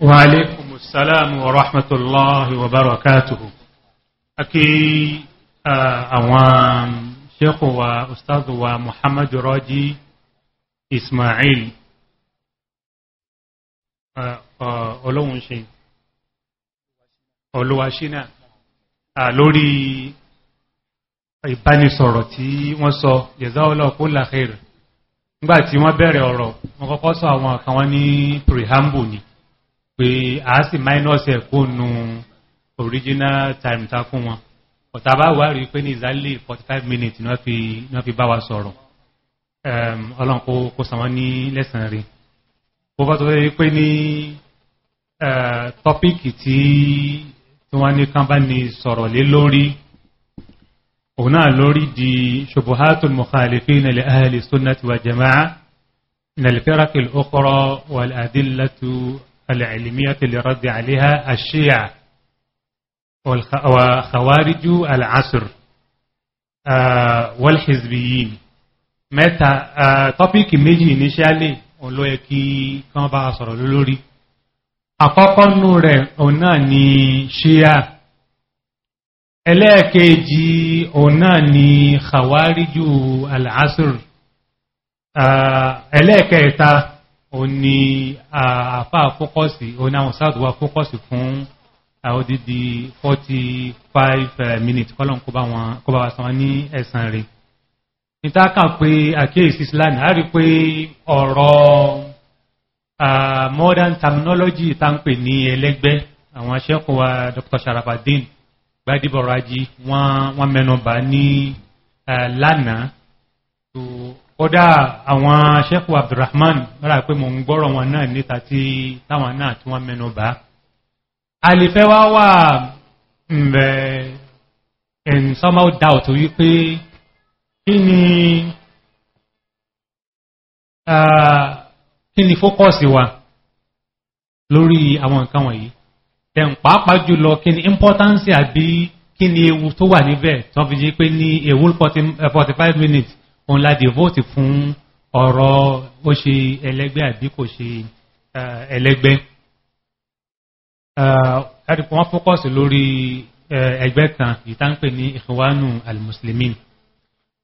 وعليكم السلام ورحمة الله وبركاته أكي أوام شيخ وأستاذ ومحمد راجي إسماعيل ọlọ́run ṣe ọlọ́wà ṣínà lórí ìbánisọ̀rọ̀ tí wọ́n sọ yẹ̀zá ọlọ́pù làkẹ́rẹ̀ nígbàtí wọ́n bẹ̀rẹ̀ ọ̀rọ̀ wọ́n kọ́kọ́ sọ àwọn àkàwọn ní preamble ni pé a sì minus ẹ̀ kó nu original time ta fún wọn ọ̀tá bá wà rí pé ní exactly forty five minutes náà fi náà fi bá wa sọ̀rọ̀ ehm, ọlọ́run kó kó sàn wọ́n ní lẹ́sàn-án rí bó bá tó fẹ́ pé ní eh, tọ́píìkì tí wọ́n ní kán bá ní sọ̀rọ̀ lé lórí òun náà lórí di ṣubuhatul mukhalifin ilẹ̀ ahli wa jama'a nàìjíríà kìlọ̀ ọkọ̀rọ̀ wal adillatu العلمية اللي رد عليها الشيعة وخوارج العصر والحزبيين mẹ́ta tọ́píkì méjì initially òun ló yẹ kí kán bá sọ̀rọ̀ lórí àkọ́kọ́ nú rẹ̀ òun náà ni ṣíyà ẹlẹ́ẹ̀kejì òun náà ni khawariju al-asr ah, ẹlẹ́ẹ̀kẹta ó ní àfáà fókọ́sì ó ní àwọn sáàtù wá fókọ́sì fún àódìdí 45 eh, minutes kọ́lọ̀n kó bá wa san ní ẹ̀sàn rẹ̀ nítàkà pé àkíyèsí islam a rí pé ọ̀rọ̀ modern terminology tá ń pè ní ẹlẹ́gbẹ́ àwọn aṣẹ́kùn wa dr sharafadin gbadibọ̀rọ̀ ajé wọ́n mẹ́nu bà ní eh, lánàá kódà àwọn sẹ́kù abdulrahman rárá pé mo ń gbọ́rọ̀ wọn náà níta tí táwọn náà tí wọ́n mẹ́nu bá àlèfẹ́ wá wà mẹ́ in somehow doubt wípé kí ni kí ni fókọ́sì wa lórí àwọn nǹkan wọ̀nyí tẹ̀m pàápàá jùlọ kí ni importance àbí kí ni ewu tó wà níbẹ̀ tó fi jí pé ní ewu 45 minutes òun la devote fún ọ̀rọ̀ ó ṣe ẹlẹ́gbẹ́ àbí kò ṣe ẹlẹ́gbẹ́ láti wọ́n fókọ̀sì lórí ẹgbẹ́ kan ìtànpè ní ìhìwánù almuslimin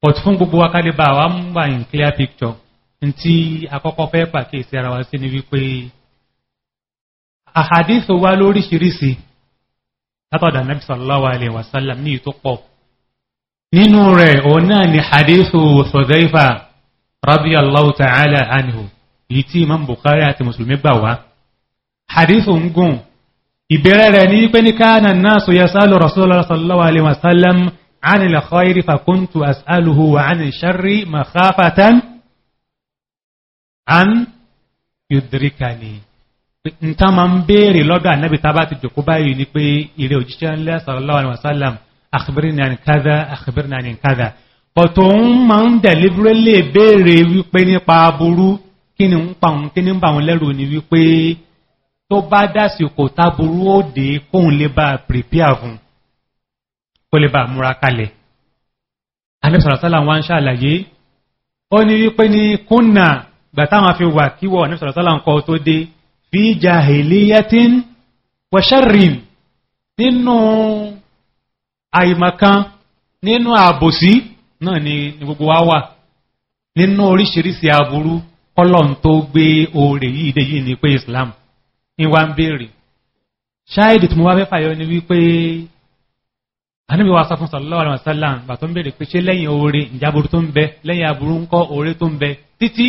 but fún gbogbo akálébà wa ń wà in clear picture tí akọ́kọ́ fẹ́ pàkíyèsí ara wa sí ni wípé àhàdíṣò wá lóríṣiríṣi látọ̀dà nàbìsọ̀lọ́wà alẹ́ wàsálàm ní ìtó nínú rẹ̀ òun náà ni hadithu Hudhayfa radiyallahu ta'ala anhu yìí tí imam Bukhari àti Mùsùlùmí gbà wá hadithu ń gùn ìbẹ̀rẹ̀ rẹ̀ ní pé ní kana an-nasu yasalu Rasulullah sallallahu alaihi wasallam anil khayri fakuntu as'aluhu wa anil sharri makhafatan an yudrikani nta ma ń béèrè lọ́dọ̀ ànábì sallallahu alaihi wasallam àkìbírin àni kádà àkìbírin àni kádà ọ̀tọ̀ òun máa ń deliberately béèrè wípé nípa aburú kí ni ń pa òun kí ni ń bà wọn lẹ́rù ni wípé tó bá dásìkò táburú ó dé kóun lè bá prepare fún kó lè bá múra kalẹ̀ anẹ́sọ̀rọ̀sọ́là wọn àìmọ̀kan nínú àbòsí náà ni gbogbo wa wà nínú oríṣiríṣi aburú kọ́lọ̀n tó gbé oore yìí dé yìí ni pé islam ní wá ń béèrè ṣáìdì tí mo wá fẹ́ fàyọ ni wípé anábì wa sọ fún sọlọ́wọ́ àwọn sálà bà tó ń béèrè pé ṣé lẹ́yìn oore ìjáburú tó ń bẹ lẹ́yìn aburú ń kọ́ oore tó ń bẹ títí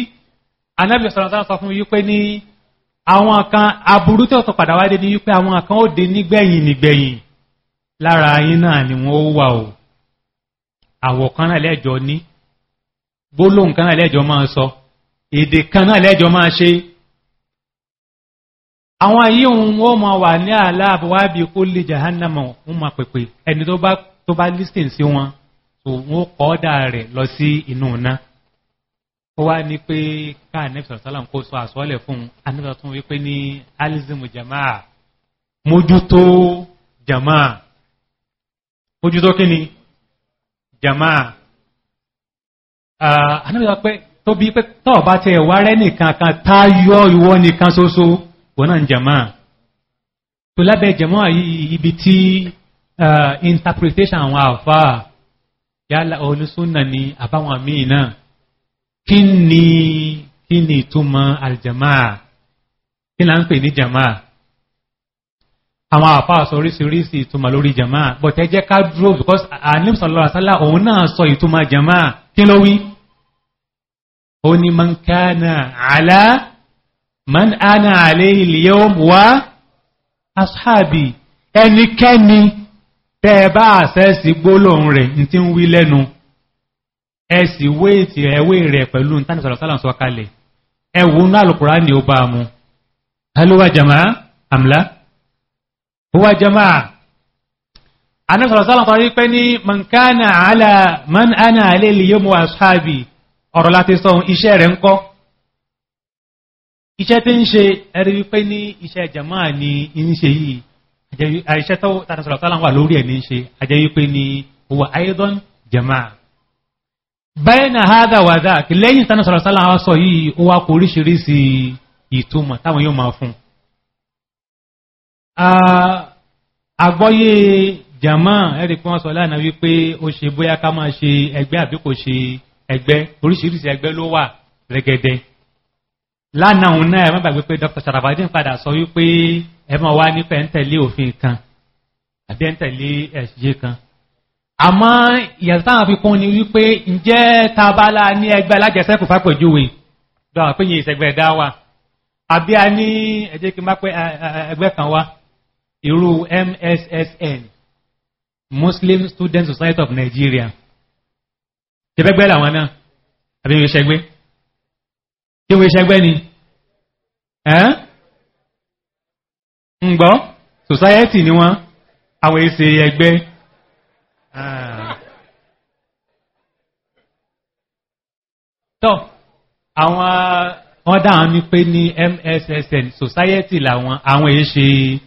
anábì sọlọ́wọ́ sọ fún wípé ní àwọn kan aburú tí ó sọ padà wáyé ní wípé àwọn kan ó dé nígbẹ̀yìn nígbẹ̀yìn lára yín náà ni wọ́n wà o àwọ̀ kan náà lẹ́jọ ní gbólóhùn kan náà lẹ́jọ máa sọ èdè kan náà lẹ́jọ máa ṣe àwọn ayé òun wọ́n máa wà ní aláàbọ̀wábí kó lè jahannama wọ́n máa pèpè ẹni tó bá tó sí wọn tó wọ́n kọ́ ọ́dà rẹ̀ lọ sí inú iná ó wá ní pé ká anẹ́fẹ̀sọ̀ sálàm kó sọ àsọ́ọ́lẹ̀ fún un anẹ́fẹ̀sọ̀ tún wípé ní alizimu jamaa mójútó jamaa bójútó kí ni jamaa anábìyà ah, pé tó bí pé tọ́ bá tẹ ẹ̀wà rẹ nìkan kan táyọ ìwọ nìkan ṣoṣo wọ́n náà jamaa tó lábẹ́ jamaa ibi tí ah, interpretation àwọn àfà yálà olùsúnà ni àbáwọn míì náà kí ni kí ni ìtumọ̀ aljamaa kí là ń pè ní jamaa àwọn àfáà sọ oríṣiríṣi ìtumọ̀ lórí jama but ẹ jẹ́ ká dúró because àníbi sọ̀rọ̀ àṣálà òun náà sọ ìtumọ̀ jama kí ló wí. ó ní man kánà àlá man ánà àlé ilé wá asáàbì ẹnikẹ́ni tẹ́ ẹ bá àṣẹ sí gbólóhùn rẹ̀ ní ti ń wí lẹ́nu ẹ sì wé ti ẹwé rẹ̀ pẹ̀lú nítorí sọ̀rọ̀ huwa jama'a anabi sallallahu alaihi wasallam pé ní man kana ala man ana alayhi yawm wa ashabi ọ̀rọ̀ láti sọ iṣẹ́ rẹ̀ ńkọ́ iṣẹ́ tí ń ṣe ẹ̀rí wípé ní iṣẹ́ jama'a ni ń ṣe yìí àìṣẹ́ tó tàbí sallallahu alaihi wasallam wà lórí ẹ̀ ní ṣe àjẹ́ wípé ní huwa aidan jama'a bẹ́ẹ̀nà hádà wàdà kì lẹ́yìn tánà sọ̀rọ̀sálà wá sọ yìí ó wá kò oríṣiríṣi ìtumọ̀ táwọn yóò máa fún àgbọ́yé jàmá ẹ̀rí pé wọ́n sọ lánàá wípé ó ṣe bóyá ká máa ṣe ẹgbẹ́ àbí kò ṣe ẹgbẹ́ oríṣiríṣi ẹgbẹ́ ló wà rẹ́gẹ́dẹ́ lánàá òun náà ẹ má gbàgbé pé dr sarafadin padà sọ wípé ẹ máa wá nípa ẹ̀ ń tẹ̀lé òfin kan àbí ẹ̀ ń tẹ̀lé ẹ̀ṣẹ̀ kan àmọ́ ìyàtọ̀ táwọn fi kún ni wípé ǹjẹ́ tabala ní ẹgbẹ́ alájẹsẹ́kù fápẹ̀júwe dọ́wọ́ pé yìí ìṣẹ̀gbẹ́ dá wà àbí a ní ẹ̀jẹ̀ kí n bá pé ẹgbẹ́ kan wá irú mssn muslim student society of nigeria tẹ́fẹ́gbẹ́ làwọn náà àbí ìwé ṣẹgbẹ́ tí ìwé ṣẹgbẹ́ ni ń gbọ́ society ni wọ́n àwọn èsè ẹgbẹ́ ah. tọ́ àwọn wọ́n dáhùn ní pé ní mssn society làwọn àwọn èsè ẹgbẹ́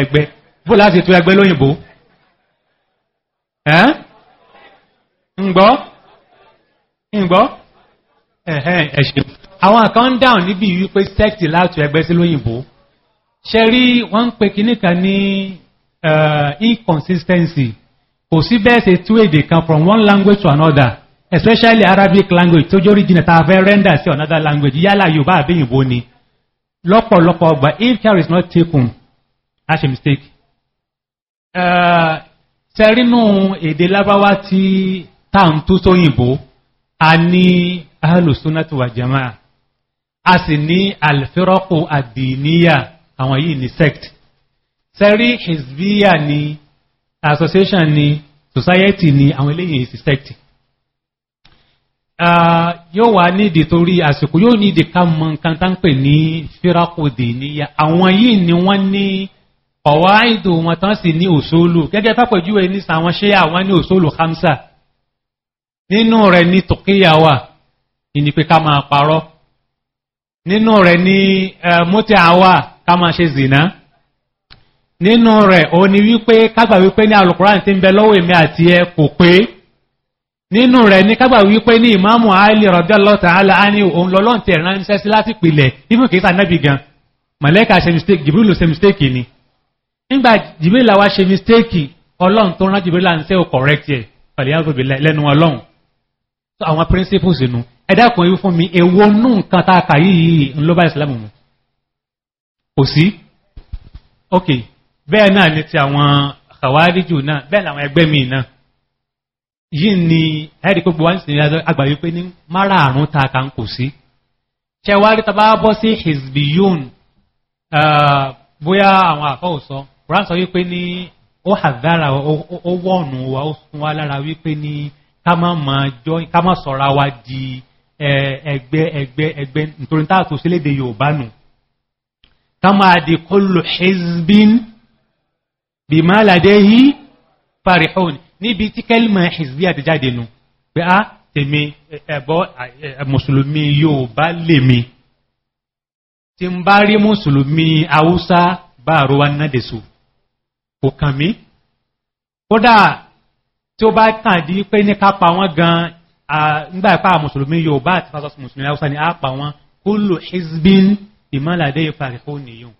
ẹgbẹ́ bó láti tó ẹgbẹ́ lóyìnbó ẹ́n ǹgbọ́ ǹgbọ́ ẹ̀hẹ́n ẹ̀ṣẹ̀ àwọn kan dáhùn níbi wípé sẹ́ẹ̀tì láti ẹgbẹ́ sí lóyìnbó ṣe rí wọ́n ń pe kìníkan ní inconsistency kò sí bẹ́ẹ̀ ṣe two. èdè kan from one language to another especially arabic language tó jórí jìnà tá a fẹ́ render sí another language yálà yorùbá àbí òyìnbó ni lọ́pọ̀lọpọ̀ ọgbà if care is not taken a ṣe mistake sẹ́rínú èdè lábáwá tí táà tó sóyìnbó a ní alùsúnàtí wà jama'a a sì ní alfẹ́rọ́kù àdìníyà àwọn yìí ní sect sẹ́rí hezbiya ni association ni society ni àwọn eléyìn ìsì sect yóò wà nídìí torí àsìkò yóò nídìí ká mọ nǹkan tá ń pè ní fẹ́rọ́kù dìníyà àwọn yìí ni wọ́n ní kọ̀wáìdò wọn tán sì ní òṣòlù gẹ́gẹ́ pápẹ̀júwẹ̀ ní sàwọn ṣe àwọn ní òṣòlù hamsa nínú rẹ̀ ní tòkíyàwà ìnìpé ká máa parọ́ nínú rẹ̀ ní mọ́tíàwà ká máa ṣe zìná nínú rẹ̀ o ni wípé kágbà wípé ní alùkùrán tí ń bẹ lọ́wọ́ èmi àti ẹ kò pé nínú rẹ̀ ní kágbà wípé ní ìmáàmù àìlè rọ̀dẹ́lọ́ta àlà á ní òun lọ́lọ́ntẹ̀ ránṣẹ́ sí láti pìlẹ̀ ibùkítà nábì gan mọ̀lẹ́kà ṣe mistake jìbìrìlù ṣe mistake ni nígbà jìbìlà wa ṣe mistake ọlọ́run tó rán jìbìlà ń sẹ́ ò correct yẹ pàlẹ́yàgbèbè lẹ́nu ọlọ́run so àwọn principles nu ẹ̀dá kan yìí fún mi èwo nù nǹkan tá a kà yìí ń ló bá ìsìlámù mu kò sí ok bẹ́ẹ̀ náà ni ti àwọn kàwáríjù náà bẹ́ẹ̀ làwọn ẹgbẹ́ mi náà yìí ni ẹ̀rí pé gbogbo wa ń sìn àgbàyé pé ní márààrún ta kà ń kò sí ṣẹwárí tá a bá bọ́ sí hezbiyun bóyá àwọn àfọ́ òsọ Quran sọ wípé ní ó hàdára ó wọ̀nù wa ó sun wa lára wípé ní ká má máa jọ ká má sọ̀ra wa di ẹgbẹ́ ẹgbẹ́ ẹgbẹ́ nítorí tá a tó sí léde Yorùbá nù ká máa di kullu hizbin bima ladehi farihun níbi tí kẹ́lìmọ̀ hizbi àtijáde nù pé á ah, tèmi ẹ̀bọ́ mùsùlùmí Yorùbá lèmi tí ń bá rí mùsùlùmí Haúsá bá àrówá náà dẹ̀ sùn kò kàn mí kódà tí ó bá kàn di pé ní ká pa wọ́n gan nígbà ìpá mùsùlùmí yorùbá àti fásitì mùsùlùmí haúsá ni á pa wọ́n kó lò hezbin ìmọ̀ládé ipa rẹ̀ ó nìyàn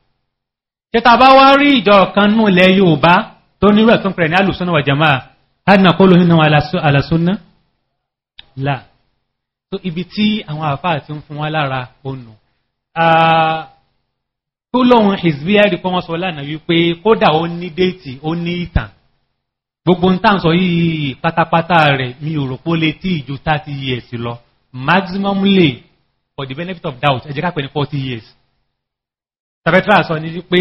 ṣẹta bá wá rí ìjọ kan nù lẹ yorùbá tó nírú ẹ̀tún pẹ̀rẹ̀ ní alùsọ́nà wà jama hádìnà kó lò nínú alàsọ́nà là ibi tí àwọn àfáà ti ń fún wọn lára ó tó lóun hizbiya rí pé wọ́n sọ lánàá wípé kódà ó ní déètì ó ní ìtàn gbogbo ń tàn sọ yìí pátápátá rẹ̀ mi ò rò pé ó lè tí ìjó thirty years lọ maximum lè for the benefit of doubt ẹ jẹ́ ká pè ní forty years. sàbẹ̀tìrà sọ ni wípé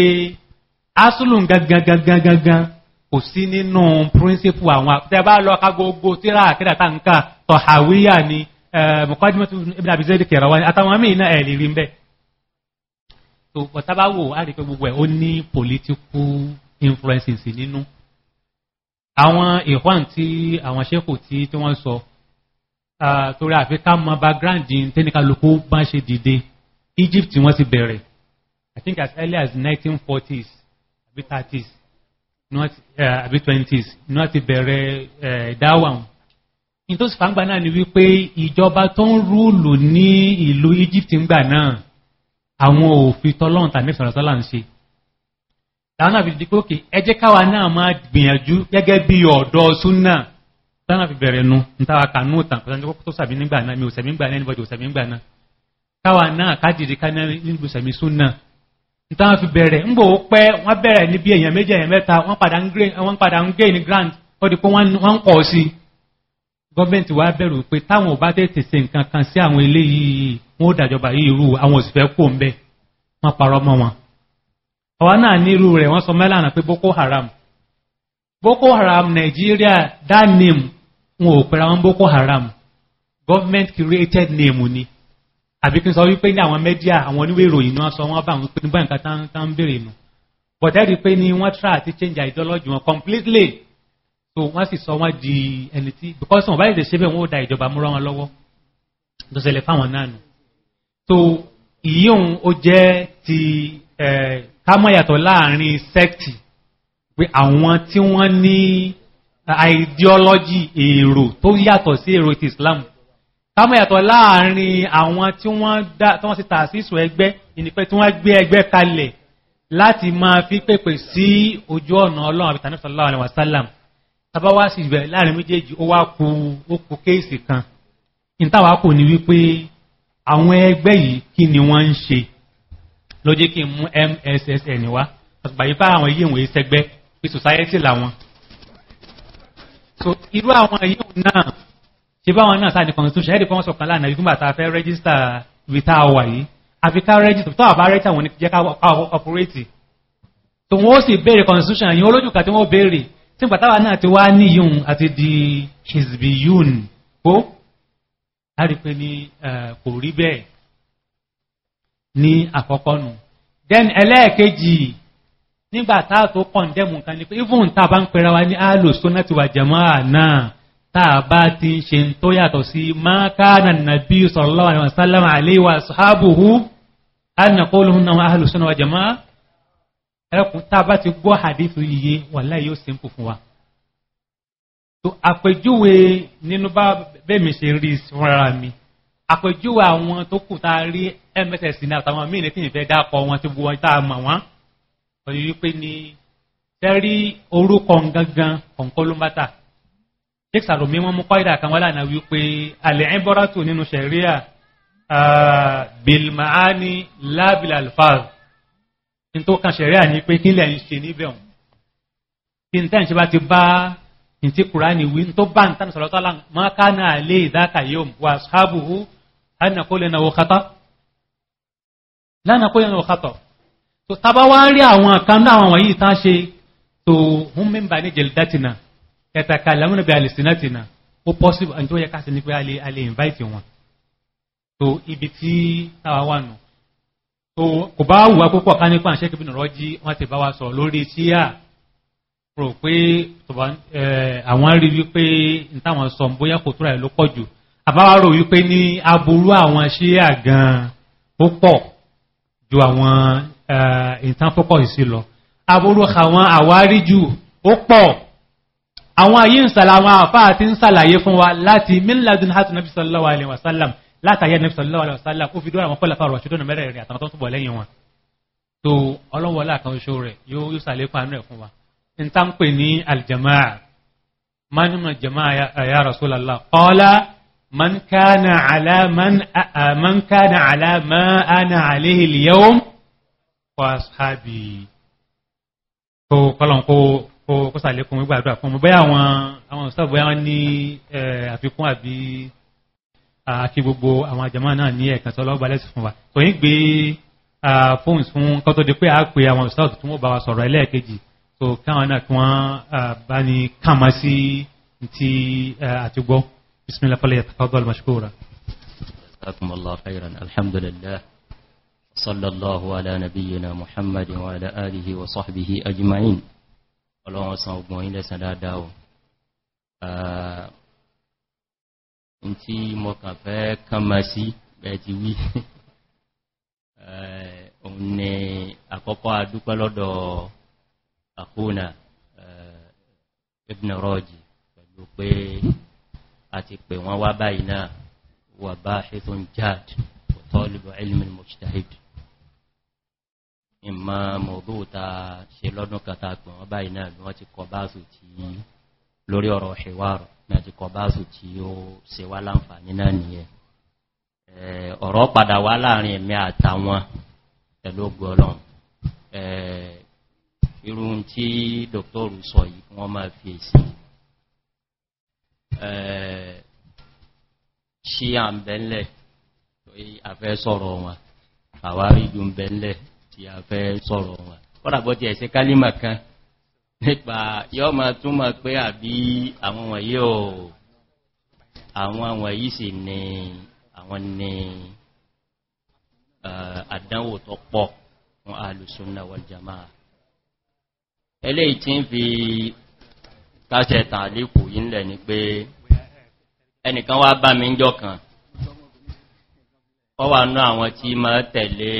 asulun gangan gangan gangan kò sí nínú principle àwọn tẹ bá lọ ká gbogbo tíra àkídà tá n kà tọ̀hàwíyà ni eh, mọ̀kọ́dúnmọ́tò ibn abizadi kẹrọ wa ni àtàwọn míì náà ẹ̀ lè rí mbẹ́ so bọ̀tábáwò á rí pé gbogbo ẹ̀ ó ní political influences nínú àwọn ìhwán tí àwọn ṣẹ́kù tí tí wọ́n sọ torí àfikà mọ background in tẹ́nìkàlùkù bá ṣe dide egypt wọ́n ti bẹ̀rẹ̀ i think as early as 1940s àbí 30s not àbí 20s ni wọ́n ti bẹ̀rẹ̀ dáwà ní tó sì fàǹgbà náà ni wípé ìjọba tó ń rúùlù ní ìlú egypt ńgbà náà àwọn òfin tọ́lọ́run tàbí ìsọ̀rọ̀sọ́lá ń ṣe láwọn fi ẹjẹ́ náà máa gbìyànjú gẹ́gẹ́ bí ọ̀dọ́ súnà táwọn fi bẹ̀rẹ̀ nu nítawà kanú tàn tó sàbí nígbà náà mi ò sẹ̀mí ò sẹ̀mí náà sẹ̀mí súnà nítawà fi bẹ̀rẹ̀ ó pẹ́ wọ́n bẹ̀rẹ̀ níbi èèyàn méjì èèyàn mẹ́ta wọ́n padà ń ní grant ó di pé wọ́n ń gọọmenti wa bẹ̀rù pé táwọn ọba bá tètè si nǹkan kan sí àwọn eléyìí wọn ò dàjọba yìí rú àwọn òsì fẹ́ kó ń bẹ̀ wọn. àwa náà ní irú rẹ̀ wọ́n sọ mẹ́lànà pé boko haram boko haram Nigeria that name wọn ò wọn boko haram government created name ni àbí kí n sọ wípé ní àwọn mẹ́díà àwọn oníwé ìròyìn ni sọ wọ́n bá wọn pé nígbà nǹkan ń nù pé ni wọ́n try change ideology wọn completely so wọ́n sì sọ wọ́n di ẹni tí because wọn báyìí lè ṣe bẹ́ẹ̀ wọ́n ó da ìjọba múra wọn lọ́wọ́ lọ́sẹ̀lẹ̀ fáwọn náà nù so ìyíhun ó jẹ́ ti kámọ́yàtọ̀ láàrin sẹ́ẹ̀tì pé àwọn tí wọ́n ní ideology èrò tó yàtọ̀ sí èrò ti islam kámọ́yàtọ̀ láàrin àwọn tí wọ́n dá tí wọ́n sì tà sí ìsò ẹgbẹ́ ìnìpẹ́ tí wọ́n gbé ẹgbẹ́ kalẹ̀ láti máa fi pèpè sí ojú ọ̀nà ọlọ́run àbítàníṣàlá àlẹ́wàsálàmù tàbá wá sí ibẹ̀ láàrin méjèèjì ó wá ku ó ku kéèsì kan ìtawà kò ní wípé àwọn ẹgbẹ́ yìí kí ni wọ́n ń ṣe ló jẹ́ kí n mú mssn wá àgbàyí bá àwọn yìí ìwòye sẹgbẹ́ pé society làwọn so irú àwọn yìí náà ṣe báwọn náà sáà ní constitution ẹ̀ẹ́dì kan sọ̀kan lánàá ìgbìmọ̀ àti afẹ́ rẹ́gísítà ibi tá a wà yìí àfi ká rẹ́gísítà tó àbá rẹ́gísítà wọn ni jẹ́ ká ọpọrẹ́tì tó wọ́n sì béèrè constitution yìí olójú kan tí wọ́n béèrè tí pàtàwà náà ti wá níyùn àti di hezbiyun kó a rí pé ní kò rí bẹ́ẹ̀ ní àkọ́kọ́ nù then ẹlẹ́ẹ̀kejì nígbà táà tó kọ̀ndẹ́mù kan ní pé even tá a bá ń pera wa ní àlò sóná ti wà jẹ̀mọ́ náà tá a bá ti ń ṣe tó yàtọ̀ sí mákànà nàbí sọ̀rọ̀lọ́wà ní wàsálàmà àléwà sọ́hábùhù ánàkólùhùn ẹ̀rẹ́kùn tá a bá ti gbọ́ àdífù yìí wàlá yóò simple fún wa tó àpèjúwe nínú bá bẹ́ẹ̀mì ṣe rí fúnra mi àpèjúwe àwọn tó kù tá a rí mss ní àtàwọn míì ní tí ìfẹ́ dápọ̀ wọn ti bu wọn tá a mọ̀ wọ́n pẹ̀lú wípé ni tẹ́rí orúkọ gangan kọ̀ǹkọ́ ló ń bá tà jake sàròmí wọn mú kọ́ìdà kan wọ́n lànà wípé alẹ́ ẹ̀ bọ́rọ̀ tù nínú ṣẹ̀ríà bilmaani lábìlà alfáàlù ní tó kan ṣẹ̀rí àní pé kílẹ̀ ń ṣe níbẹ̀ òun kí n tẹ́ ṣe bá ti bá ní ti kùránì wí ní tó bá ń tán sọ̀rọ̀ tọ́lá máa ká náà lé ìdáka yóò wà sábùhù lánàá kó lè náwó kátọ́ lánàá kó lè náwó kátọ́ tó tábá wá rí àwọn kan náà àwọn yìí tán ṣe tó hún mímbà ní jẹ̀lídátìnà ẹ̀tàkà lámúnà bí alìsínátìnà ó pọ́sibù àti tó yẹ ká sí ní pé a lè invite ibi tí táwa wà nù so kò bá wù wá púpọ̀ ká nípa àṣẹ kìbìnrin rọ́jí wọ́n ti bá wa sọ lórí síyà rò pé àwọn rí wípé ní táwọn sọ bóyá kò tóra ẹ̀ ló pọ̀ jù àbáwá rò wípé ní aburú àwọn síyà gan-an ó pọ̀ ju àwọn ìtàn fọ́pọ̀ ìsí lọ aburú àwọn àwárí jù ó pọ̀ àwọn ayé ń sàlà àfáà ti ń sàlàyé fún wa láti mílíọ̀dún hàtùnàbí sallallahu alaihi wasallam látàyẹ nẹ́bí sallallahu alaihi wasallam ó fi dúró àwọn pẹ́lá fáwọn ọ̀ṣọ́dún mẹ́rẹ̀ẹ̀rin àtàwọn tó ń túbọ̀ lẹ́yìn wọn tó ọlọ́wọ́ láàkan oṣù rẹ̀ yóò sàlékún àánú ẹ̀ fún wa n tá ń pè ní aljamaa man nínú jamaa ya Rasulullah qala man kana ala man kana ala ma ana alayhi al-yawm wa ashabi tó kọ́lọ̀n kó sàlékún gbàdúrà fún mi bóyá àwọn àwọn ìṣàbóyá ní àfikún àbí kí gbogbo àwọn àjàmá náà ní ẹ̀kan tó lọ́gbà lẹ́sìn fún wa kò ní gbé fóònù fún kó tó di pé a pe àwọn ìṣọ́ọ̀tù tí wọ́n bá wa sọ̀rọ̀ ẹlẹ́ẹ̀kejì tó káwọn náà kí wọ́n bá ní kàmá sí ti àtúgbọ́ bisimilah fọlẹ́ yàtọ̀ mashkura. akumala khayran alhamdulilah ọlọ́run san ogun ilẹ̀ sàn dáadáa in tí mo kàn fẹ́ kánmà sí bẹ́ẹ̀ ti wí òun ni àkọ́kọ́ adúpẹ́ lọ́dọ̀ àkóònà ibn rọ́jì pẹ̀lú pé a ti pè wọ́n wá báyìí náà wà bá ṣetún jad tọ́lùbọ̀ ilmin mujtahid ìmọ̀ mọ̀bóòta ṣe lọ́dún kàtàkùn wọ́n báyìí náà wọ́n ti kọ báṣù tí lórí ọ̀rọ̀ ṣèwárọ̀ ní àti kọbáàsù tí ó se wá láǹfààní náà nìyẹ ọ̀rọ̀ padà wá láàrin ẹ̀mí àtàwọn ẹ̀lógún ọlọ́run irun tí dọ̀tọ́rù sọ yìí wọ́n máa fi èsì ṣí à ń bẹ́ńlẹ̀ àfẹ́ sọ̀rọ̀ wọn àwárí ju bẹ́ńlẹ̀ tí àfẹ́ sọ̀rọ̀ wọn kọ́dàbọ́ ti ẹ̀ṣẹ́ nípa yọ́ ma túnmọ̀ pé àbí àwọn wọ̀nyí o àwọn wọ̀nyí sì ni àwọn ni eh, àdánwò tó pọ̀ fún alùsùnà wal jamaa eléyìí tí ń fi káṣẹ tààlíkù yí ńlẹ̀ ni pé ẹnìkan wá bá mi ń jọ kan ọ náà àwọn tí ma tẹ̀lé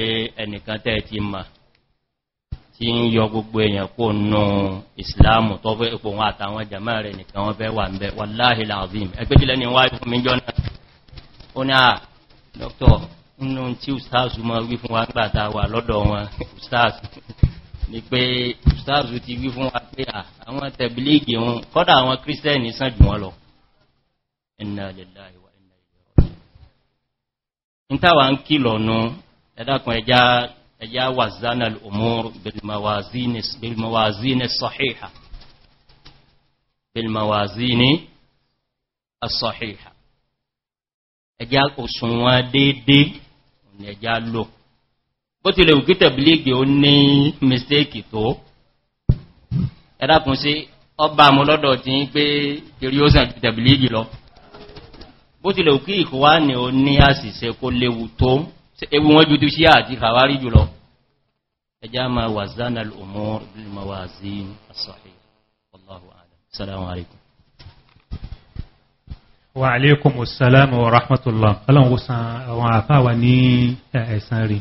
ẹnìkan tẹ́ ti máa tí ń yọ gbogbo èèyàn kó nù ìsìláàmù tó fẹ́ ipò wọn àtàwọn jàmá rẹ̀ nìkan wọ́n fẹ́ wà ń bẹ wàláhì láàzim ẹgbẹ́jìlẹ́ ni wáyé fún mi jọ́nà ó ní à dr nínú tí ustaazu ma wí fún wa gbàta wà lọ́dọ̀ wọn ustaazu ni pé ustaazu ti wí fún wa pé àwọn tẹ̀bílígì wọn kọ́dà àwọn kírísítẹ́nì sàn jù wọn lọ inna lillahi wa inna ilaihi raji'un ń táwa ń kìlọ̀ nu ẹ̀dàkùn ẹja ẹjá wà zánà al'umur bilmawazini sahiha bilmawazini sahiha ẹjá òṣùnwọ́n dédé ẹjá lò bó ti lè wù kí tẹ̀bílígì ó ní mistéèkì tó ẹ̀dàkùn sí ọba àmúlọ́dọ̀ tí ń pé kiri ó sàn tẹ̀bílígì lọ bó ti lè wù kí ìkọwà ní ó ní àṣìṣẹ́ kó léwu tó ewu wọn jùdú sí àti kàwárí jùlọ ẹjá ma wà zánà l'umur mawazin as-sahih wallahu a'lam assalamu alaikum wa alaikum assalamu wa rahmatullah ọlọ́run àwọn àfáwà ní ẹ̀ẹ̀sán rí